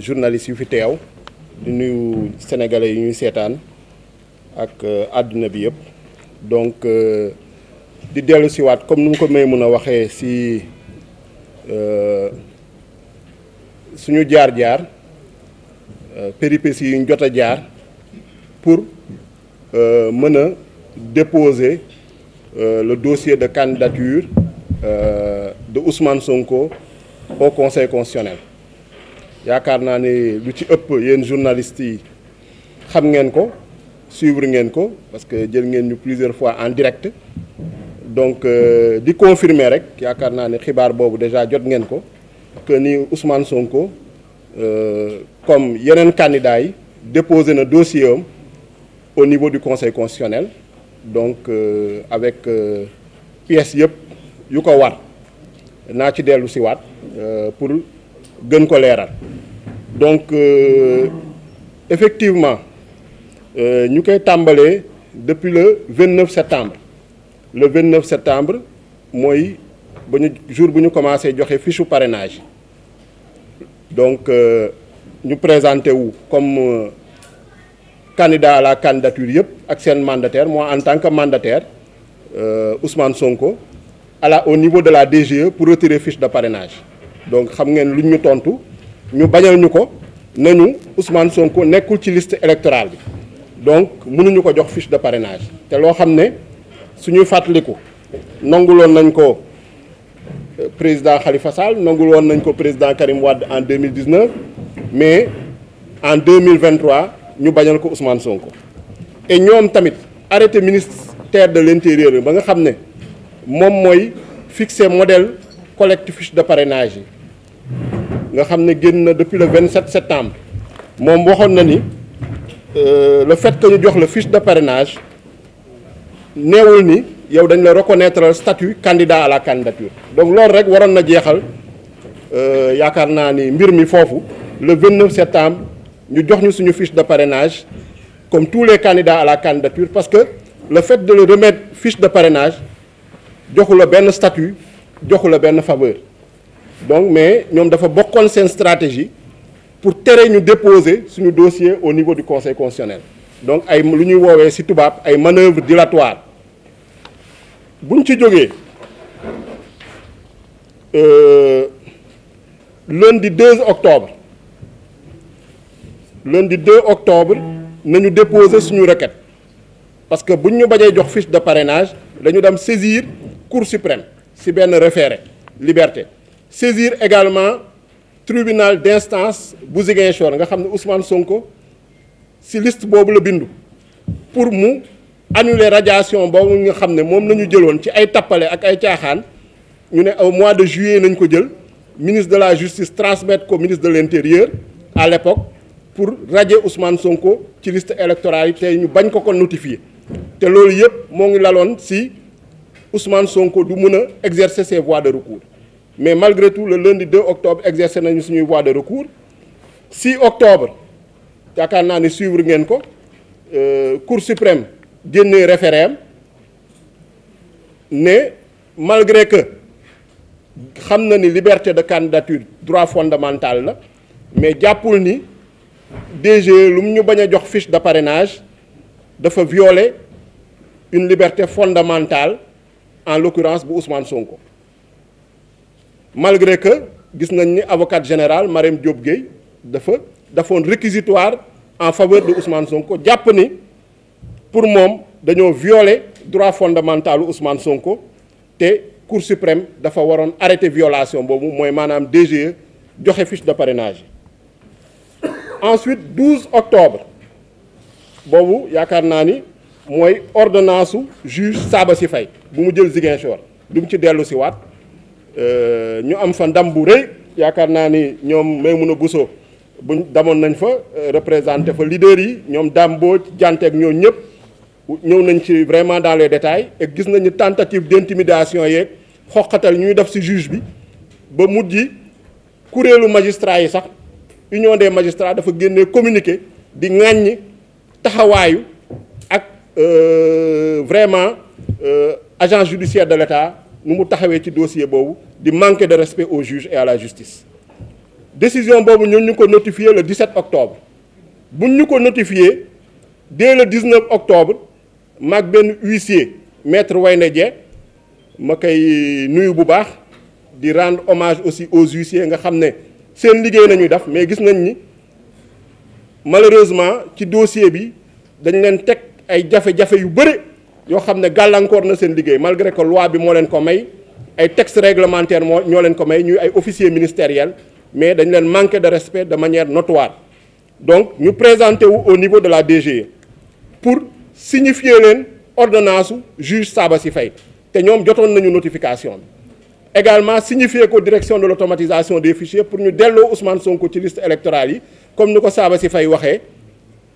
journaliste yu fi teew di nuyu sénégalais yu ñuy seetaan ak euh, àdduna bi yëpp donc euh, di dellu siwaat comme nu mu ko may mën a waxee si euh, suñu jaar-jaar péripéties yi ñu jot a jaar pour mën a déposer le dossier de candidature de Ousmane Sonko au Conseil constitutionnel yaakaar naa ne lu ci ëpp yéen journalistes yi xam ngeen ko suivre ngeen ko parce que jël ngeen ñu plusieurs fois en direct donc euh, di confirmer rek yaakaar naa ne xibaar boobu déjà jot ngeen ko que ni Ousmane Sonko euh, comme yeneen candidat yi déposé na dossier am au niveau du conseil constitutionnel donc euh, avec pièces yëpp yu ko war naa ci dellu si waat pour. gën ko leeral donc euh, effectivement euh, ñu koy tàmbalee depuis le 29 septembre le 29 septembre mooy ba ñu jour bu ñu commencé joxe fichu parrainage donc euh, ñu présenté wu comme candidat à la candidature yëpp ak seen mandataire moi en tant que mandataire Ousmane Sonko à la au niveau de la DGE pour retirer fiche de parrainage donc xam ngeen luñ ñu tontu ñu bañal ñu ko nañu Ousmane Sonko nekkul ci liste électorale bi donc mënuñu ko jox fiche de parrainage te loo xam ne suñuy fàttaliku loon nañ ko euh, président Khalifa Sall nanguloon nañ ko président Karim Wade en 2019 mais en 2023 ñu bañal ko Ousmane Sonko et ñoom tamit arrêté ministère de l'intérieur ba nga xam ne moom mooy fixe modèle collecte fiche de parrainage yi nga xam ne génn na depuis le 27 septembre moom waxoon na ni euh, le fait que ñu jox la fiche de parrainage neewul ni yow dañ la reconnaître statut candidat à la candidature donc loolu rek waroon na jeexal euh, yaakaar naa ni mbir mi foofu le 29 septembre ñu jox ñu suñu fiche de parrainage comme tous les candidats à la candidature parce que le fait de le remettre fiche de parrainage joxu la benn statut joxu la benn faveur donc mais ñoom dafa bokkoon seen stratégie pour tere ñu déposer suñu dossier au niveau du conseil constitutionnel donc ay lu ñuy woowee ci tubaab ay manœuvres bu buñ ci jógee euh, di 2 octobre di 2 octobre nañu déposer suñu requête parce que buñ ñu bañee jox fiche de parrainage dañu dem saisir cour suprême ci benn référé liberté saisir également tribunal d'instance bu Ziguinchor nga xam ne Ousmane Sonko ci liste boobu la bindu pour mu annuler radiation boobu nga xam ne moom la ñu jëloon ci ay tappale ak ay caaxaan ñu ne aw mois de juillet nañ ko jël ministre de la justice transmettre ko ministre de l'intérieur à l'époque pour radier Ousmane Sonko ci liste électorale yi tey ñu bañ ko ko notifier te loolu yëpp moo ngi laloon si Ousmane Sonko du mën a exercer ses voies de recours mais malgré tout le lundi 2 octobre exercer nañu suñuy voies de recours 6 octobre yaakaar naa ni suivre ngeen ko euh, Cour suprême génnee référé am ne malgré que xam na ni liberté de candidature droit fondamental la mais jàppul ni DGE lu mu ñu bañ a jox fiche de parrainage dafa violer une liberté fondamentale en l'occurrence bu Ousmane Sonko malgré que gis nañ ni avocat général Marème Diop Gueye dafa dafoon réquisitoire en faveur de Ousmane Sonko jàpp ni pour moom dañoo violer droit fondamental Ousmane Sonko te Cour suprême dafa waroon arrêter violation boobu mooy maanaam DGE joxe fiche de parrainage ensuite 12 octobre boobu yaakaar naa ni. mooy ordonnance su saaba si fay bu mu jël Ziguinchor du mu ci dellu si waat euh, ñu am fa ndam bu rëy yaakaar naa ni ñoom Maymouna Bousso buñ damoon nañ fa euh, représenté fa leader yi ñoom dàmboo janteeg ñoo ñëpp ñëw nañ ci vraiment dans les détails et gis nañu tentative d'intimidation yeeg xoqatal ñuy def si juge bi ba mujji kuréelu magistrat yi sax union des magistrats dafa génnee communiqué di ŋàññ taxawaayu Euh, vraiment euh, agent judiciaire de l'État nu mu taxawee ci dossier boobu di manqué de respect au juges et à la justice décision boobu ñun ñu ko notifié le 17 octobre bu ñu ko notifié dès le 19 octobre maag benn huissier maître Wayne Dieng ma koy nuyu bu baax di rendre hommage aussi au huissiers nga xam ne seen liggéey nañuy def mais gis nañ ni malheureusement ci dossier bi dañ leen teg ay jafe-jafe yu bëri yoo xam ne gàllankoor na seen liggéey malgré que loi bi moo leen ko may ay texte réglementaire moo ñoo leen ko may ñuy ay officier ministériel mais dañ leen manqué de respect de manière notoire donc ñu présenté wu au niveau de la DGE pour signifier leen ordonnance juge si Faye te ñoom jotoon nañu notification bi également signifier ko direction de l'automatisation des fichiers pour ñu delloo Ousmane Sonko ci liste électorale yi comme ni ko Sabassi Faye waxee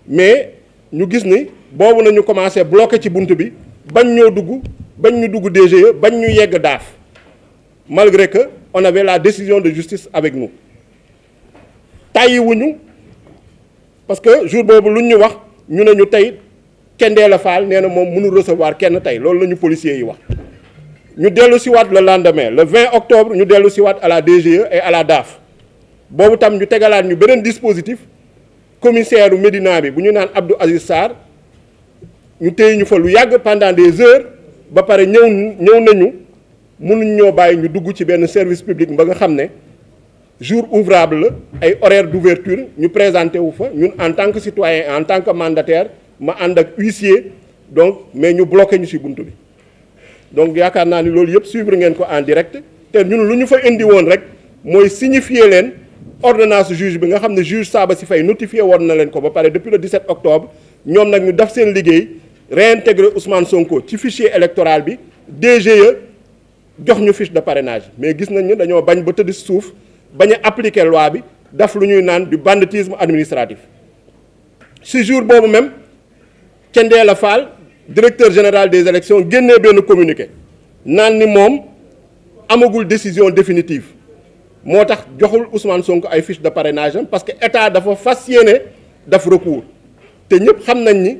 mais ñu gis ni boobu ñu commencé bloqué ci bunt bi bañ ñoo dugg bañ ñu dugg DGE bañ ñu yegg daaf malgré que on avait la décision de justice avec nous tàyyiwuñu parce que jour boobu lu ñu wax ñu ne ñu tey kenn kendee la faal nee na moom mënul recevoir kenn tey loolu la ñu policiers yi wax ñu dellu siwaat le lendemain le 20 octobre ñu dellu siwaat à la DGE et ay la DAF boobu tam ñu tegalaat ñu beneen dispositif commissaire u Médina bi bu ñu naan Abdou Aziz Sarr ñu téye ñu fa lu yàgg pendant des heures ba pare ñëw ñëw nañu mënuñ ñoo bàyyi ñu dugg ci benn service public ba nga xam ne jour ouvrable la ay horaire d'ouverture ñu présenté wu fa ñun en tant que citoyen en tant que mandataire ma ànd ak huissier donc mais ñu bloqué ñu ci bunt bi donc yaakaar naa ni loolu yëpp suivre ngeen ko en direct te ñun lu ñu fa indi woon rek mooy signifier leen ordonnance juge bi nga xam ne juge Saba si fay notifié woon na leen ko ba pare depuis le 17 octobre ñoom nag ñu def seen réintégrer Ousmane Sonko ci fichier électoral bi DGE jox ñu fiche de parrainage mais gis nañ ñu dañoo bañ ba tëdd suuf bañ a appliquer loi bi daf lu ñuy naan du banditisme administratif si jour boobu même la Fall directeur général des élections génnee benn communiqué naan ni moom amagul décision définitive moo tax joxul Ousmane sonk ay fiche de parrainage am parce que état dafa fas yéene daf recours te ñëpp xam nañ ni.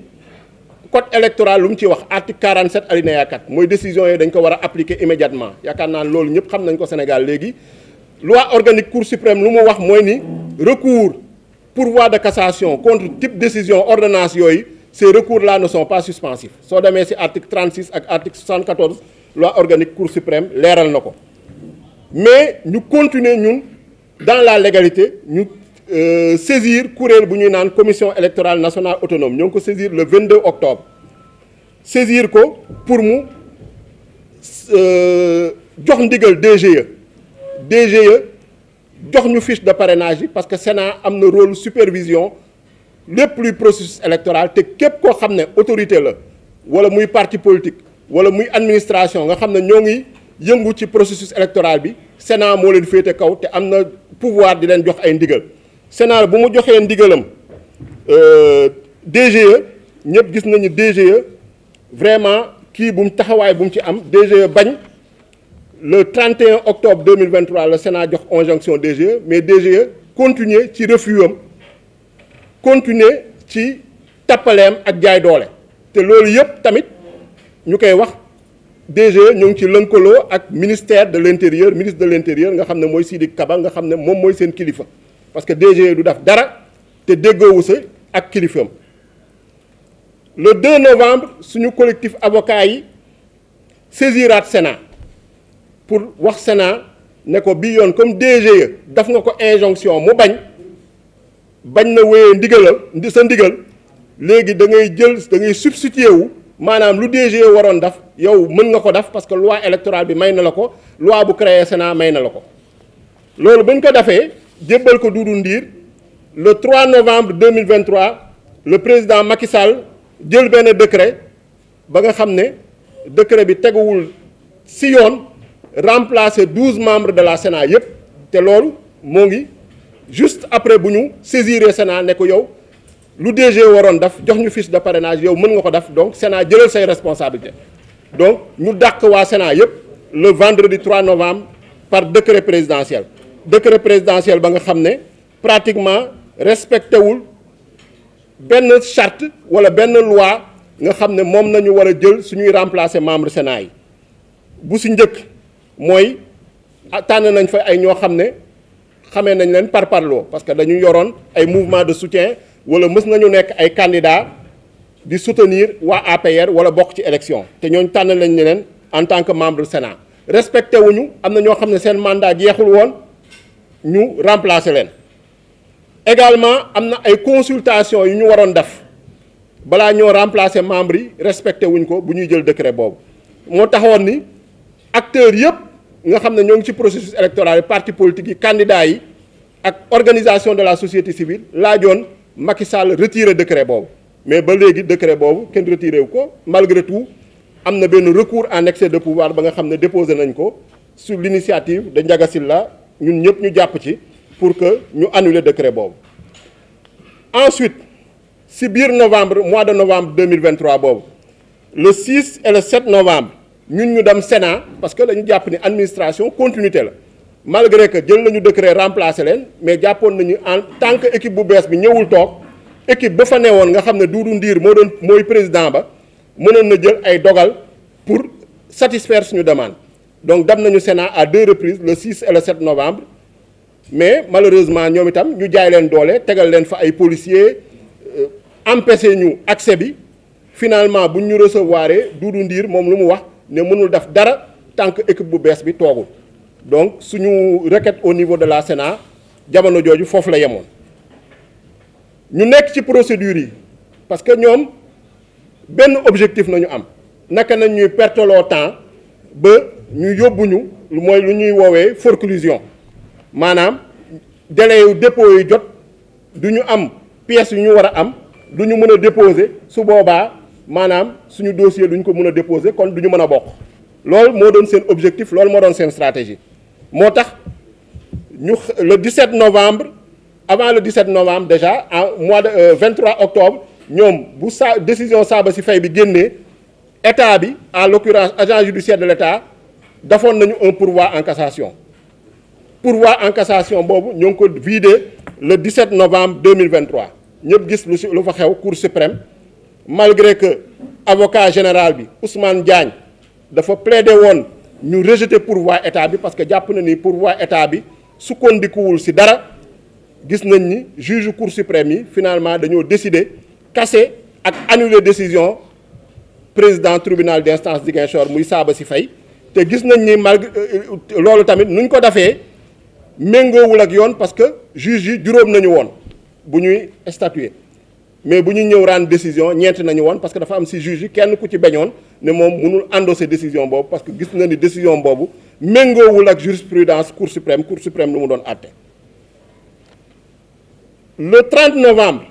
code électoral lu mu ci wax article 47 alinéa 4 mooy décision yi dañ ko war a appliquer immédiatement yaakaar naa loolu ñëpp xam nañ ko Sénégal léegi loi organique cour suprême lu mu wax mooy ni recours pourvoi de cassation contre type décision ordonnance yooyu ces recours là ne sont pas suspensifs soo demee si ci article 36 ak article 74 loi organique cour suprême leeral na ko mais ñu continuer ñun dans la légalité Euh, saisir kuréel bu ñuy naan commission électorale national autonome ñoo ngi ko saisir le 22 octobre saisir ko pour mu euh, jox ndigal DGE DGE jox ñu fiche de parrainage yi parce que Sénat am na rôle supervision lépp luy processus électoral te képp koo xam ne autorité la wala muy parti politique wala muy administration nga xam ne ñoo ngi yëngu ci processus électoral bi Sénat moo leen féete kaw te am na pouvoir di leen jox ay ndigal Sénat bu mu joxee ndigalam euh, DGE ñëpp gis nañu DGE vraiment kii bu mu taxawaay bu mu ci am DGE bañ le 31 octobre mille 2023 la Sénat jox injonction DGE mais DGE continuer ci refus am continuer ci tappaleem ak jaay doole te loolu yëpp tamit ñu koy wax DGE ñu ngi ci lënkaloo ak ministère de l' intérieur ministre de l' intérieur nga xam ne mooy sii Sidiki Kaba nga xam ne moom mooy seen kilifa. parce que DG e du def dara te déggoowu si ak kilifaam le 2 novembre suñu collectif avocat yi saisiraat Sénat pour wax Sénat ne ko bi yoon comme DG e daf nga ko injonction mu bañ bañ na wéyee ndigalal ndi sa ndigal léegi da ngay jël da ngay substitué wu maanaam lu DG e waroon daf yow mën nga ko daf parce que loi électorale bi may na la ko loi bu créé Sénat may na la ko loolu bañ ko defee jébbal ko Doudou Ndir le 3 novembre 2023 le président Macky Sall jël benn décret ba nga xam ne décret bi teguwul si yoon remplacer 12 membre de la Sénat yëpp te loolu moo ngi juste après bu ñu saisiré Sénat ne ko yow lu DG waroon daf jox ñu fiche de parrainage yow mën nga ko def donc Sénat jëlal say responsabilité donc ñu dàq waa Sénat yëpp le vendredi 3 novembre par décret présidentiel décret présidentiel ba nga xam ne pratiquement respecté wul benn charte wala benn loi nga xam ne moom nañu war a jël suñuy remplacer membre Sénat yi bu si njëkk mooy ah, tànn nañ fa ay ñoo xam ne xamee nañ leen par parloo parce que dañu yoroon ay mouvement de soutien wala mës nañu nekk ay candidat di soutenir waa APR wala bokk ci élection te ñooñ tànn nañ leen en tant que membre Sénat respecté wuñu am na ñoo xam ne seen mandat jeexul woon ñu remplacer leen également am na ay consultation yu ñu waroon def balaa ñoo remplacer membres yi respecté wuñ ko bu ñuy jël décret boobu moo taxoon ni acteurs yëpp nga xam ne ñoo ngi ci processus électoral yi parti politique yi candidats yi ak organisation de la société civile laajoon Macky Sall retiré décret boobu mais ba léegi décret boobu kenn retiré wu ko malgré tout am na benn recours en excès de pouvoir ba nga xam ne déposé nañ ko sur l'initiative de Ndiaga Sylla ñun ñëpp ñu jàpp ci pour que ñu annuler décret boobu ensuite si biir novembre mois de novembre 2023 boobu le 6 et le 7 novembre ñun ñu dem Sénat parce que lañu jàpp ni administration continuité la malgré que jël nañu décret remplacé leen mais jàppoon nañu en tant que équipe bu bees bi ñëwul toog équipe ba fa newoon nga xam ne Doudou ndiir moo doon mooy président ba mënoon na jël ay dogal pour satisfaire suñu demande donc dem nañu Sénat à deux reprises le 6 et le 7 novembre mais malheureusement ñoom itam ñu jaay leen doole tegal leen fa ay policiers euh, empêché ñu accès bi finalement buñ ñu recevoir Doudou ndiir moom lu mu wax ne mënul def dara tant que équipe bu bees bi toogul donc suñu requête au niveau de la Sénat jamono jooju foofu la yemoon ñu nekk ci procédure yi parce que ñoom benn objectif nañu am naka nañ ñuy perteloo temps ba. ñu yóbbuñu lu mooy lu ñuy woowee forclusion maanaam délai yu dépôt yu jot du ñu am pièces yu ñu war a am du ñu mën a déposer su boobaa maanaam suñu dossier du ñu ko mën a déposer kon du ñu mën a bokk loolu moo doon seen objectif lool moo doon seen stratégie moo tax ñu le 17 novembre avant le 17 novembre déjà en mois de euh, trois octobre ñoom bu sa décision si fay bi génnee état bi en l'occurrence agent judiciaire de l'État defoon nañu un pourvoi en cassation pourvoi en cassation boobu ñoo ngi ko vidé le 17 novembre 2023 ñëpp gis lu si lu fa xew cour suprême malgré que avocat général bi Ousmane Diagne dafa plaidé woon ñu rejeter pourvoi état bi parce que jàpp na ni pourvoi état bi sukkandikuwul si dara gis nañ ni juge cour suprême yi finalement dañoo décider case ak annuler décision président tribunal d'instance Ziguinchor muy saaba Sabassy Faye te gis nañ ni malgré euh, loolu tamit nuñ ko defee méngoowul ak yoon parce que juge yi juróom nañu woon bu ñuy statuer mais bu ñu ñëw raan décision ñeent nañu woon parce que dafa am si juge yi kenn ku ci beñoon ne moom mënul endosser décision boobu parce que gis na ni décision boobu méngoowul ak jurisprudence cour suprême cour suprême lu mu doon àtte le 30 novembre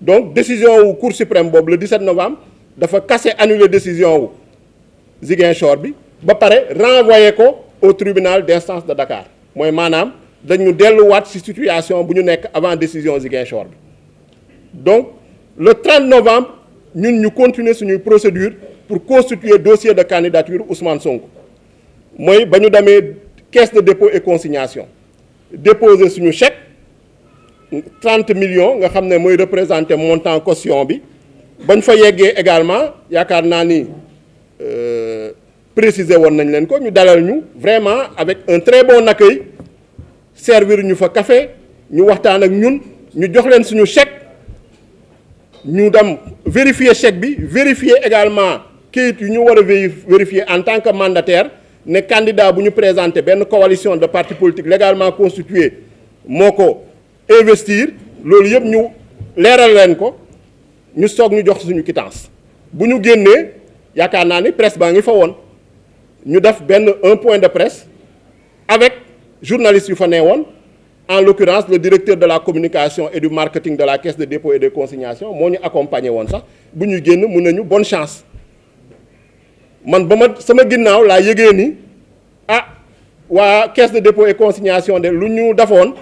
donc décision wu cour suprême boobu le 17 novembre dafa casser annuler décision wu bi ba pare renvoyé ko au tribunal d'instance de Dakar mooy maanaam dañu delluwaat ci situation bu ñu nekk avant décision Ziguinchor bi donc le 30 novembre ñun ñu continuer suñu procédure pour constituer dossier de candidature Ousmane Sonko mooy ba ñu demee caisse de dépôt et consignation déposer suñu chèque trente millions nga xam ne mooy représenter montant caution bi bañ fa yeggee également yaakaar naa ni. Euh, préciser woon nañ leen ko ñu dalal ñu vraiment avec un très bon accueil servir ñu fa kafe ñu waxtaan ak ñun ñu jox leen suñu chèque ñu dem vérifier chèque bi vérifier également kayit yu ñu war a vérifier en tant que mandataire ne candidat bu ñu présenter benn coalition de partis politiques légalement constituée moo ko investir loolu yëpp ñu leeral leen ko ñu soog ñu jox suñu quittance bu ñu génnee yaakaar naa ni presse baa ngi fa woon ñu def benn un point de presse avec journalistes yu fa nee woon en l'occurrence le directeur de la communication et du marketing de la caisse de dépôt et de consignation moo ñu accompagné woon sax bu ñu génn mun nañu bonn chance man ba ma sama ginnaaw laa yëgee ni ah waa caisse de dépôt et consignation de lu ñu defoon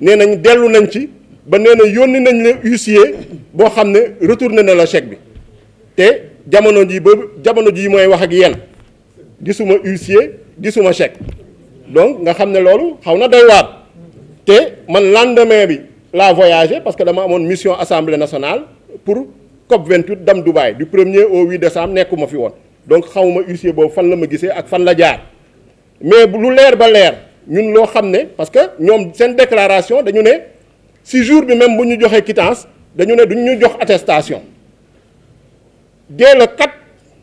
nee nañ dellu nañ ci ba nee na yónni nañ la huissier boo xam ne retourné na la chèque bi te jamono ji ba jamono ji mooy wax ak yéen gisuma ussier gisuma check donc nga xam ne loolu xaw na doy te man lendemain bi la voyagé parce que dama amoon mission assemblée nationale pour COP 28 dem dubaay du premier au 8 décembre nekkuma fi woon donc xamuma huissier boobu fan la ma gisee ak fan la jaar mais lu leer ba leer ñun loo xam ne parce que ñoom seen déclaration dañu ne si jour bi même bu ñu joxee quittance dañu ne duñ ñu jox attestation dès le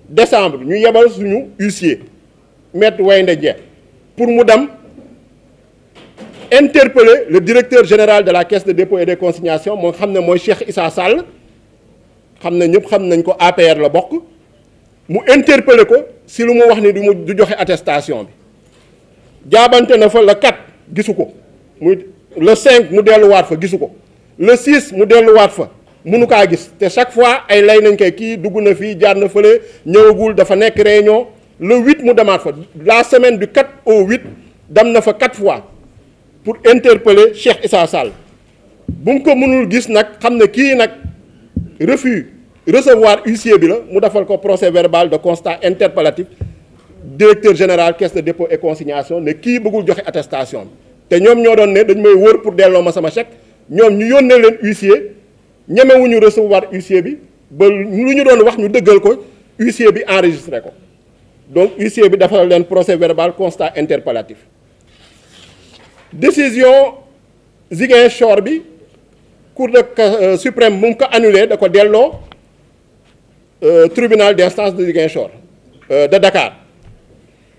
décembre ñu yebal suñu huissier maître Waynda Dieng pour mu dem interpeller le directeur général de la caisse de dépôt et de consignation moo xam ne mooy Cheikh Issa Sall xam na ñëpp xam nañ ko APR la bokk mu interpeller ko si lu mu wax ni du mu du joxe attestation bi jaabante na fa la 4 gisu ko muy le cinq mu delluwaat fa gisu ko le 6 mu delluwaat fa. mënu kaa gis te chaque fois ay lay nañ koy kii dugg na fii jaar na fële ñëwagul dafa nekk réunion le 8 mu demaat fa la semaine du 4 au 8 dem na fa quatre fois pour interpeller Cheikh Issa Sall bu mu ko mënul gis nag xam ne kii nag refus recevoir huissier bi la mu defal ko procès verbal de constat interpellatif directeur général caisse de dépôt et consignation ne kii bëggul joxe attestation te ñoom ñoo doon ne dañ may wër pour delloo ma sama chèque ñoom ñu yónnee leen huissier. ñemewuñu recevoir huissier bi ba lu ñu doon wax ñu dëggal ko huissier bi enregistré ko donc huissier bi dafa leen procès verbal constat interpellatif décision Ziguinchor bi cour de euh, suprême mu ko annulé da ko delloo euh, tribunal d'instance de Ziguinchor euh, de Dakar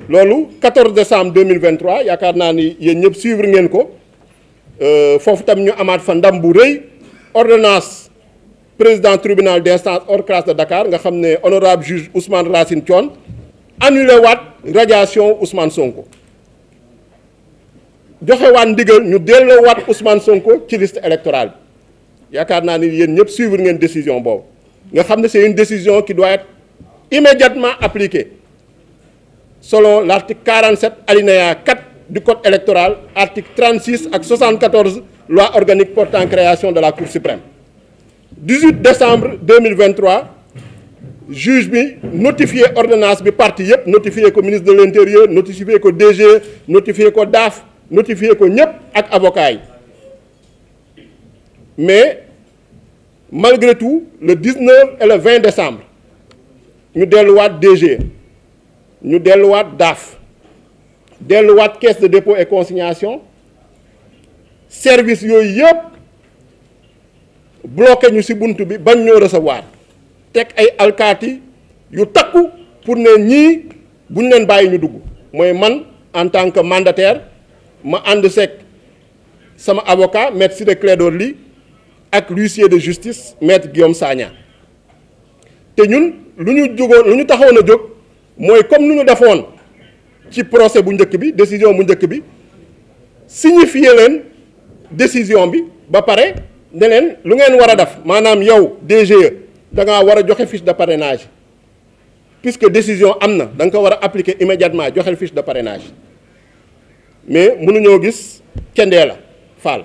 loolu 14 décembre 2023 yaakaar naa ni yéen ñëpp suivre ngeen ko foofu tam ñu amaat fa ndam bu rëy ordonnance président tribunal d'instance hors classe de Dakar nga xam ne honorable juge Ousmane Racine Thion annulé waat radiation Ousmane Sonko joxe waat ndigal ñu delloo waat Ousmane Sonko ci liste électorale yaakaar naa ni yéen ñëpp suivre ngeen décision boobu nga xam ne c'est une décision qui doit être immédiatement appliquée selon l'article 47 alinéa 4 du code électoral article 36 ak 74 loi organique portant création de la Cour suprême 18 décembre 2023 juge bi notifié ordonnance bi parti yëpp notifié ko ministre de l'intérieur notifié ko DG notifié ko DAF notifié ko ñëpp ak avocat yi mais malgré tout le 19 et le 20 décembre ñu delluwaat DG ñu delluwaat DAF delluwaat caisse de dépôt et consignation service yooyu yëpp bloqué ñu ci bunt bi bañ ñoo recevoir teg ay alkaati yu takku pour ne ñii buñ leen bàyyi ñu dugg mooy man en tant que mandataire ma ànd seeg sama avocat ci Ciré Clédor Ly ak l'huissier de justice maître Guillaume Sagna te ñun lu ñu jógoon lu ñu taxoon a jóg mooy comme nu ñu defoon ci procès bu njëkk bi décision bu njëkk bi signifier leen décision bi ba pare ne leen lu ngeen war a def maanaam yow DGE da ngaa war a joxe fiche de parrainage puisque décision am na da nga ko war a appliquer immédiatement joxe fiche de parrainage mais mënuñoo gis cendee la Fall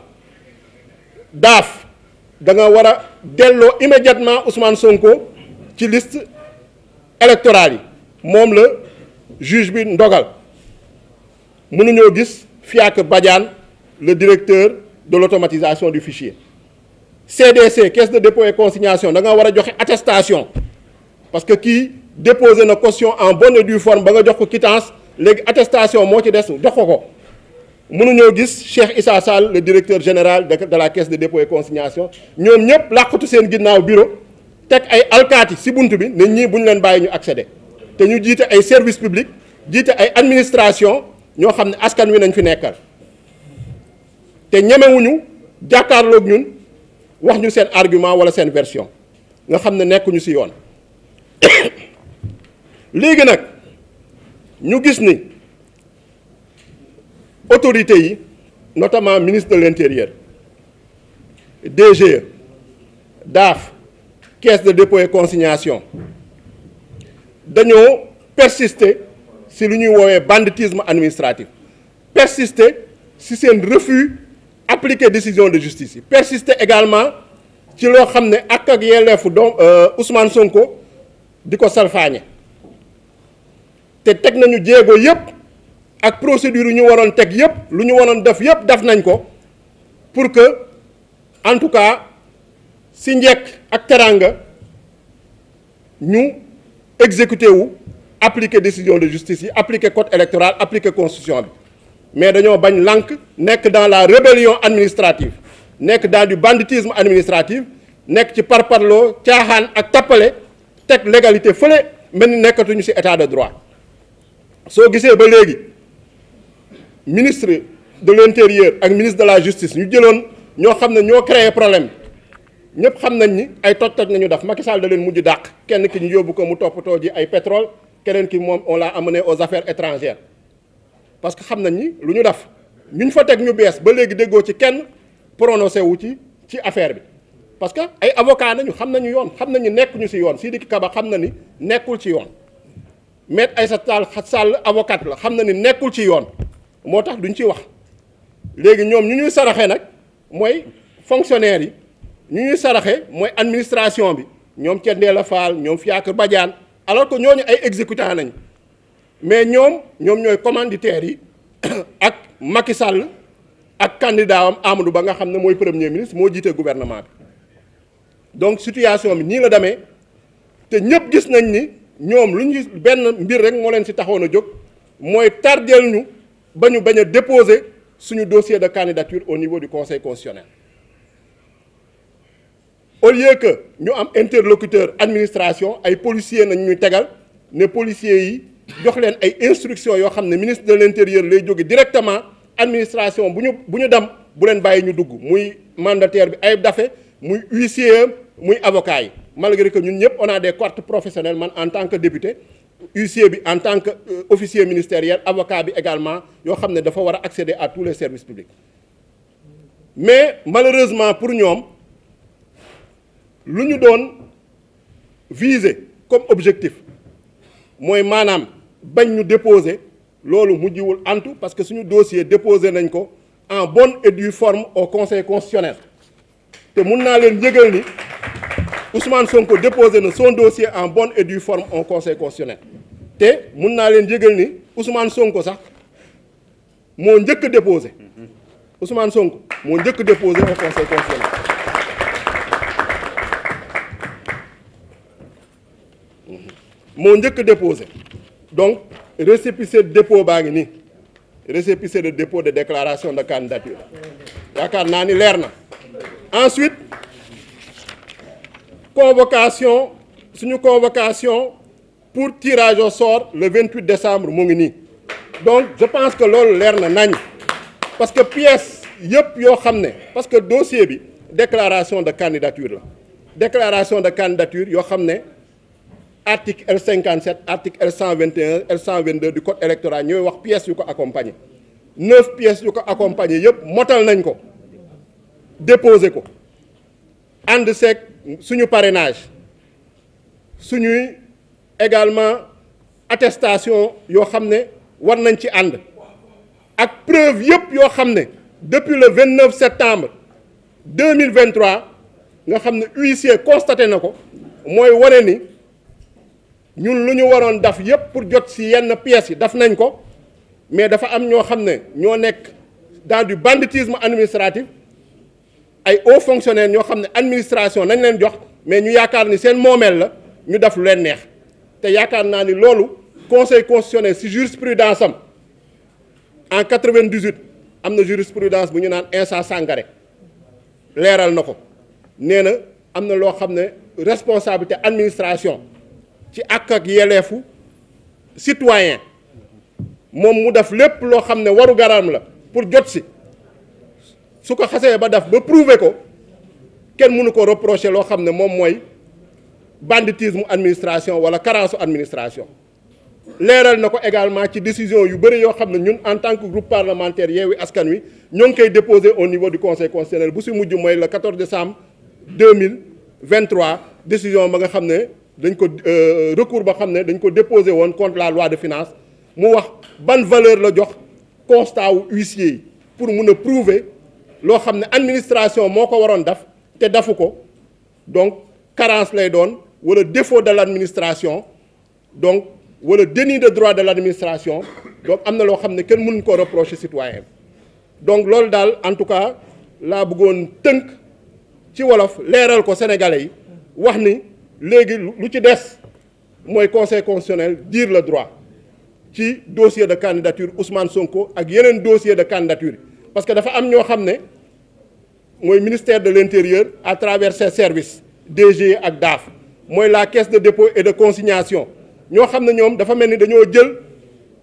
daaf da nga war a delloo immédiatement Ousmane Sonko ci list électorale yi moom la juge bi ndogal mënuñoo gis Fiacre Badiane le directeur de l'automatisation du fichier CDC caisse de dépôt et consignation da nga war a joxe attestation parce que kii déposé na caution en bonne et due forme ba nga jox ko quittance léegi attestation moo ci des jox ko ko mënuñoo gis Cheikh Issa Sall le directeur général de la caisse de dépôt et consignation ñoom ñëpp làqatu seen ginnaaw bureau teg ay alkaati si bunt bi nit ñi bu ñu leen bàyyi ñu accéder te ñu jiite ay service public jiite ay administration ñoo xam ne askan wi nañ fi nekkal te ñemewuñu jàkkaarloog ñun wax ñu seen argument wala seen version nga xam ne nekkuñu ci yoon léegi nag ñu gis ni autorités yi notamment ministre de l'intérieur DGE DAF caisse de dépôt et consignation dañoo persister ci lu ñuy woowee banditisme administratif persister ci seen refus appliquer décision de justice yi persister également ci loo xam ne ak ak yelleefu donc euh, Ousmane ko di ko salfaañe te teg nañu jéego yépp ak procédure yu ñu waroon teg yépp lu ñu waroon def yépp def nañ ko pour que en tout cas si njekk ak teranga ñu exécuter wu appliquer décision de justice yi appliquer code électoral appliquer constitution bi mais dañoo bañ lànk nekk dans la rébellion administrative nekk dans du banditisme administratif nekk ci par parloo caaxaan ak tappale teg légalité fële mel ni nekkatuñu ci état de droit soo gisee ba léegi ministre de l'intérieur ak ministre de la justice ñu jëloon ñoo xam ne ñoo créé problème ñëpp xam nañ ni ay toj-toj nañu def Macky Sall da leen mujj dàq kenn ki ñu yóbbu ko mu toppatoo yi ay pétrole keneen ki moom on l'a amené aux affaires étrangères parce que xam nañ ni lu ñu def ñu ñu fa teg ñu bees ba léegi déggoo ci kenn prononcé wu ci ci affaire bi parce que ay avocat nañu xam nañu yoon xam nañu nekk ñu si yoon Sidiki Kaba xam na ni nekkul ci yoon Maître Aïssata Tall Sall avocat la xam na ni nekkul ci yoon moo tax duñ ci wax léegi ñoom ñu ñuy saraxe nag mooy fonctionnaire yi ñu ñuy saraxe mooy administration bi ñoom nee Thiendella Fall ñoom Fiacre Badiane alors ñoo ñu ay exécutant nañu mais ñoom ñoom ñooy commanditaires yi ak Macky Sall ak candidat am Amadou Ba nga xam ne mooy premier ministre moo jiite gouvernement bi donc situation bi ñii la demee te ñëpp gis nañ ni ñoom lu ñu benn mbir rek moo leen ci taxoon a jóg mooy tardeel ñu ba ñu bañ a déposer suñu dossier de candidature au niveau du conseil constitutionnel au lieu que ñu am interlocuteur administration ay policiers nañ ñuy tegal ne policiers yi. jox leen ay instructions yoo xam ne ministre de l'intérieur lay jóge directement administration bu ñu bu ñu dem bu leen bàyyi ñu dugg muy mandataire bi ay Daffé muy huissier muy avocat yi malgré que ñun ñëpp on a des cartes professionnelles man en tant que député huissier bi en tant que euh, officier ministériel avocat bi également yoo xam ne dafa war a accéder à tous les services publics mais malheureusement pour ñoom lu ñu doon viser comme objectif mooy maanaam bañ ñu déposer loolu mujjiwul ant parce que suñu dossier déposé nañ ko en bonne édu due forme au conseil constitutionnel te mun naa leen yëgal ni Ousmane Sonko déposé na son dossier en bonne et due forme au conseil constitutionnel te mun naa leen yëgal ni Ousmane Sonko sax moo njëkk déposé Ousmane Sonko moo njëkk déposé au conseil constitutionnel. moo njëkk a déposé donc récépissé de dépôt baa ngi nii récépissé de dépôt de déclaration de candidature yaakaar naa ni leer na ensuite convocation suñu convocation pour tirage au sort le 28 décembre mu ngi nii donc je pense que loolu leer na nañ parce que pièce yëpp yoo xam ne parce que dossier bi déclaration de candidature la déclaration de candidature yoo xam ne article L57 article L121 L122 du code électoral ñooy wax pièces yu ko accompagner neuf pièces yu ko accompagner yëpp motal nañ ko déposer ko ànd seeg suñu parrainage suñuy également attestation yoo xam ne war nañ ci ànd ak preuve yëpp yoo xam ne depuis le 29 septembre 2023 nga xam ne huissier constaté na ko mooy wane ni. ñun lu ñu waroon daf yëpp pour jot ci yenn pièces yi daf nañ ko mais dafa am ñoo xam ne ñoo nekk dans du banditisme administratif ay hauts fonctionnaires ñoo xam ne administration nañ leen jox mais ñu yaakaar ni seen moomeel la ñu def lu leen neex te yaakaar naa ni loolu conseil constitutionnel ci jurisprudence am en 98 am na jurisprudence bu ñu naan Insa Sangaré leeral na ko nee na am na loo xam ne responsabilité administration ci àq ak yeleefu citoyen moom mu def lépp loo xam ne waru garaam la pour jot si su ko xasee ba def ba prouver ko kenn mënu ko reprocher loo xam ne moom mooy banditisme administration wala carence administration leeral na ko également ci décision yu bari yoo xam ne ñun en tant que groupe parlementaire Yewwi Askan Wi ñoo ngi koy déposé au niveau du conseil constitutionnel bu si mujj mooy le 14 décembre 2023 décision ba nga xam ne dañ ko euh, recours ba xam ne dañ ko déposé woon contre la loi de finance mu wax ban valeur la jox constat wu huissier yi pour mun a prouver loo xam ne administration moo ko waroon daf te dafu ko donc quarance lay doon wala défaut de l' administration donc wala déni de droit de l' administration donc am na loo xam ne kenn mënuñ ko reprocher citoyen donc loolu daal en tout cas laa bëggoon tënk ci wolof leeral ko sénégalais yi wax ni léegi lu ci des mooy conseil constitutionnel dire le droit ci dossier de candidature Ousmane Sonko ak yeneen dossier de candidature parce que dafa am ñoo xam ne mooy ministère de l'intérieur à travers ses services DG ak DAF mooy la caisse de dépôt et de consignation ñoo xam ne ñoom dafa mel ni dañoo jël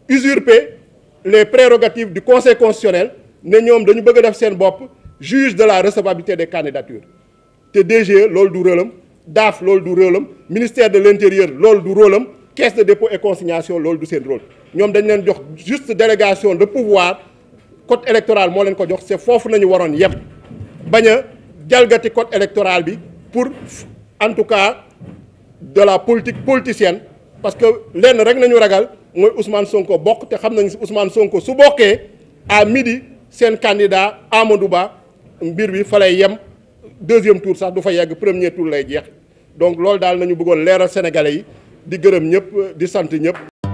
usurper les prérogatives du conseil constitutionnel ne ñoom dañu bëgg def seen bopp juge de la recevabilité des candidatures te DG loolu du rëlam DAF loolu du rôle ministère de l' intérieur loolu du rôle am caisse de dépôt et consignation loolu du seen rôle ñoom dañ leen jox juste délégation de pouvoir code électorale moo leen ko jox c' est foofu nañu waroon yem bañ a jalgati code électorale bi pour en tout cas de la politique politicienne parce que lenn rek nañu ragal mooy Ousmane Sonko bokk te xam nañu Ousmane Sonko su bokkee à midi seen candidat Amadou Ba mbir bi fa lay yem deuxième tour sax du fa yegg premier tour lay jeex donc loolu daal nañu bëggoon leeral sénégalais yi di gërëm ñëpp di sant ñëpp